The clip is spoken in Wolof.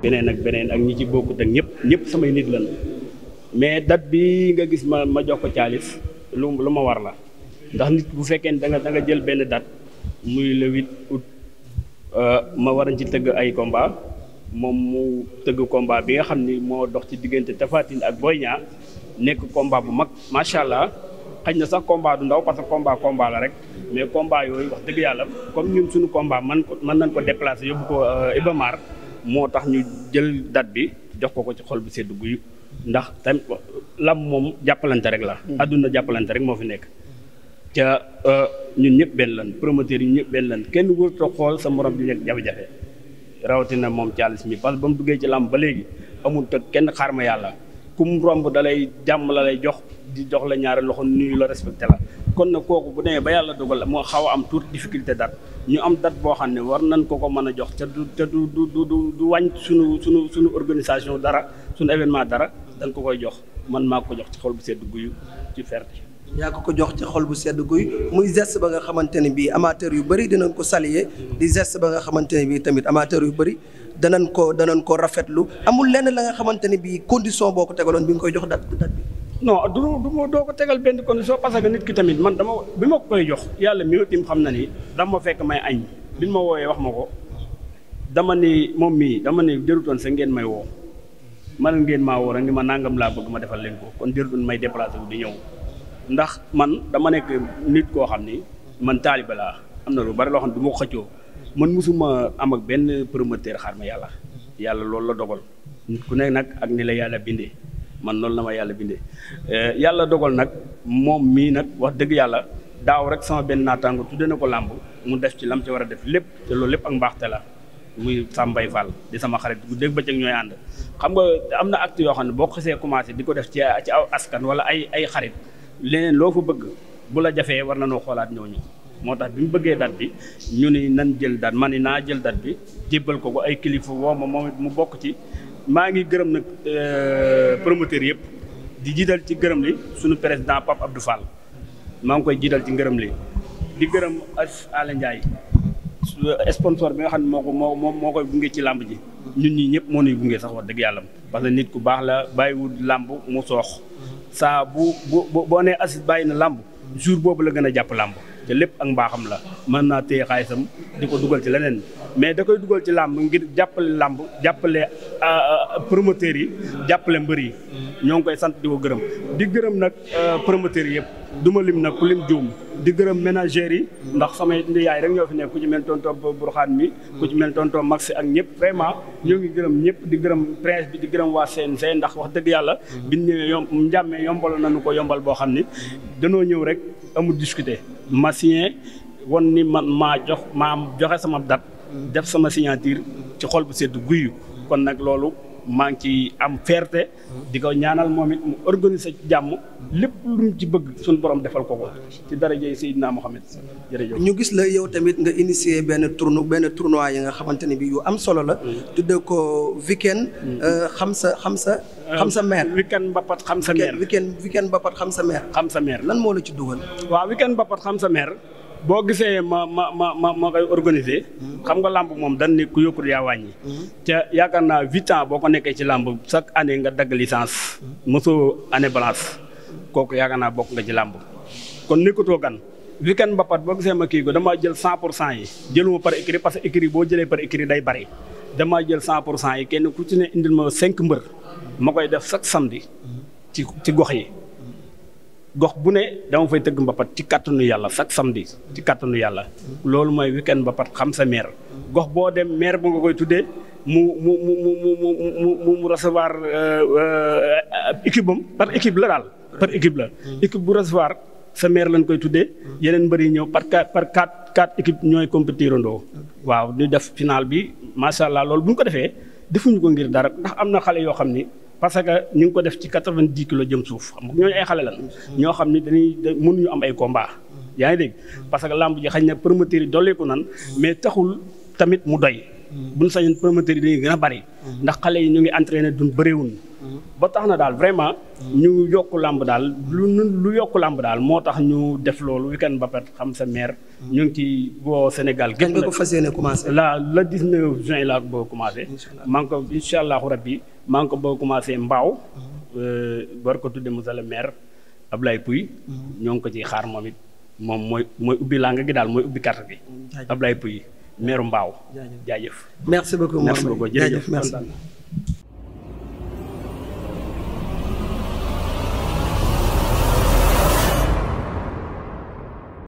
beneen ak beneen ak ñi ci bokkut ak ñëpp ñëpp samay nit lan mais date bi nga gis ma ma jox ko caalis lu lu ma war la ndax nit bu fekkee ne da nga da jël benn dat muy le 8 août euh, ma waran ci tëgg ay combat moom mu tëgg combat bi nga xam ni moo dox ci diggante Tapha ak Boy Niang nekk combat bu mag macha allah xëy na sax combat du ndaw parce que combat combat la rek mais combat yooyu wax dëgg yàlla comme ñun suñu combat man ko mën nañ ko déplacer yóbbu ko euh, Ibamar moo tax ñu jël date bi jox ko ko ci xool bu sedd guy ndax tamit làmb moom jàppalante rek la. àdduna mm-hmm. jàppalante rek moo fi nekk. ca euh, ñun ñëpp benn lan promoteur yi ñëpp benn lan kenn wërtoo xool sa morom di nekk jafe-jafe rawatina moom Thialis mi parce que ba ci làmb ba léegi amul te kenn xaar ma yàlla kum romb da lay jàmm la lay jox di jox la ñaari loxo nuyu la respecté la kon na kooku bu demee ba yàlla dogal moo xaw a am tuuti difficulté date ñu am dat boo xam ne war nañ ko ko mën a jox te du te du du du du wàññ suñu suñu suñu organisation dara sunu événement dara dañ ko koy jox man maa ko jox ci xol bu sedd guyu ci ferte yaa ko ko jox ci xol bu sedd guy muy geste ba nga xamante ne bii amateur yu bëri dinañ ko saluer di gest ba nga xamante ne bii tamit amateur yu bëri danañ ko danañ ko rafetlu amul lenn la nga xamante ne bii condition boo ko tegaloon bi nga koy jox dat date non du du ma doo ko tegal benn condition parce que nit ki tamit man dama bi ma koy jox yàlla mi tim xam na ni dama ma fekk may añ bi ma wooyee wax ma ko dama ni moom mii dama ni jërutoon sa ngeen may woo man ngeen maa woo rek ni ma nàngam laa bëgg ma defal leen ko kon jërutoon may déplacé wu di ñëw ndax man dama nekk nit koo xam ni man taaliba laa am na lu bari loo xam ne du ma ko xëccoo man mosuma am ak benn promoteur xaar ma yàlla yàlla loolu la dogal nit nekk nag ak ni la yàlla bindee. man loolu la ma yàlla bindee eh, yàlla dogal nag moom mii nag wax dëgg yàlla daaw rek sama benn naataango tudde na ko làmb mu def ci lam ci war a def lépp te loolu lépp ak mbaaxte la muy Sambay Fall di sama xarit bu dégg bëccëg ñooy ànd xam nga am na acte yoo xam ne boo xasee commencé di ko def ci ci aw askan wala ay ay xarit leneen loo fa bëgg bu la jafee war na noo xoolaat ñooñu moo tax bi mu bëggee date bi ñu ni nan jël date ma ni naa jël date bi jébbal ko ko ay kilifa woo ma moom mu bokk ci maa ngi gërëm nag euh, promoteur yëpp di jiital ci gërëm li suñu président Pape Abdou Fall maa ngi koy jiital ci ngërëm li di gërëm Alain Ndiaye sponsor bi nga xam ne moo ko moo moo moo koy gunge ci làmb ji ñun ñi ñëpp moo nuy gungee sax wax dëgg yàlla parce que nit ku baax la bàyyiwul làmb mu soox saa bu boo nee Aziz bàyyi na làmb jour boobu la gën a jàpp làmb lépp ak mbaaxam la man naa téye xaalisam di ko dugal ci leneen mais da koy dugal ci làmb ngir jàppale làmb jàppale euh, euh, promoteurs yi jàppale mbër yi ñoo ngi koy sant di ko gërëm di gërëm nag euh, promoteurs yi yëpp du ma lim nag ku lim juum di gërëm ménagères yi ndax sama yaay rek ñoo fi nekk ku ci mel tonton Burxaan mi ku ci mel tonton Max ak ñëpp vraiment ñoo ngi gërëm ñëpp di gërëm prince bi di gërëm waa CNG ndax wax dëgg yàlla bi ñëwee yom yombal nañu ko yombal boo xam ni danoo ñëw rek amul ma signé won ni man maa jox maa joxe sama date def sama signature ci xol bu sedd guyu kon nag loolu maa ngi ci am fierté di ko ñaanal moom it mu organiser ci jàmm lépp lu ci bëgg suñu borom defal ko ko ci darajey Seydina Mohamed jërëjëf ñu gis la yow tamit nga initier benn tournoi benn tournoi yi nga xamante ne bi yu am solo la mm. tudde ko weekend mm. euh, xam sa xam sa euh, xam sa maire weekend mbapat xam sa maire weekend weekend mbapat xam sa maire xam sa maire lan moo la ci dugal waaw weekend mbapat xam maire boo gisee ma ma ma ma ma koy organisé. xam nga làmb moom dan ne ku yokkul yaa yi te yaakaar naa huit ans boo ko nekkee ci làmb chaque année nga dagg licence. mosoo ne balance. kooku yaakaar naa bokk nga ci làmb. kon nekkutoo gan. weekend mbapat boo gisee ma kii ko damaa jël cent pour cent yi jëluma par écrit parce que écrit boo jëlee par écrit day bari. damaa jël cent pour cent yi kenn ku ci ne indil ma cinq mbër. ma koy def chaque samedi. ci ci gox yi. gox bu ne dama fay tëgg mbapat ci kàttanu yàlla chaque samedi ci kàttanu yàlla loolu mooy weekend mbapat xam sa maire gox boo dem maire bu nga koy tuddee mu mu mu mu mu mu mu mu recevoir euh, euh, équipe bam par équipe la daal par équipe la hmm. équipe bu recevoir sa maire lañ koy tuddee hmm. yeneen mbër yi ñëw par par quatre quatre équipes ñooy compétirandoo hmm. waaw ñu def final bi macha allah loolu bu ñu ko defee defuñu ko ngir dara ndax am na xale yoo xam ni parce que ñu ngi ko def ci quatre-vingt-dix kilos jëm suuf xam nga ñooñu ay xale lan. ñoo xam ni dañuy mënuñu am ay combat. yaa ngi dégg parce que làmb ji xañ na promoteur yi dolleeku nan mais taxul tamit mu doy. Mm. buñ sañoon promoteur yi dañuy gën a bari. Mm. ndax xale yi ñu ngi entraîné duñ bëriwuñ. ba tax na daal vraiment. ñu yokk làmp daal lu lu yokk làmb daal moo tax ñu def loolu weekend ba xam sa maire. ñu ngi ci boo Sénégal. gën nga yéene commencé. la le 19 juin laa ko bëgg a commencé. maa ngi ko incha allahu rabbi maa ngi commencé Mbaaw. war ko tuddee monsieur le maire Ablaye Pouy. Mm-hmm. ñoo ngi ko ciy xaar moom it moom mooy mooy ubbi làng gi daal mooy ubbi carte gi. Ablaye Pouy maire Mbaaw. jaajëf merci beaucoup merci beaucoup merci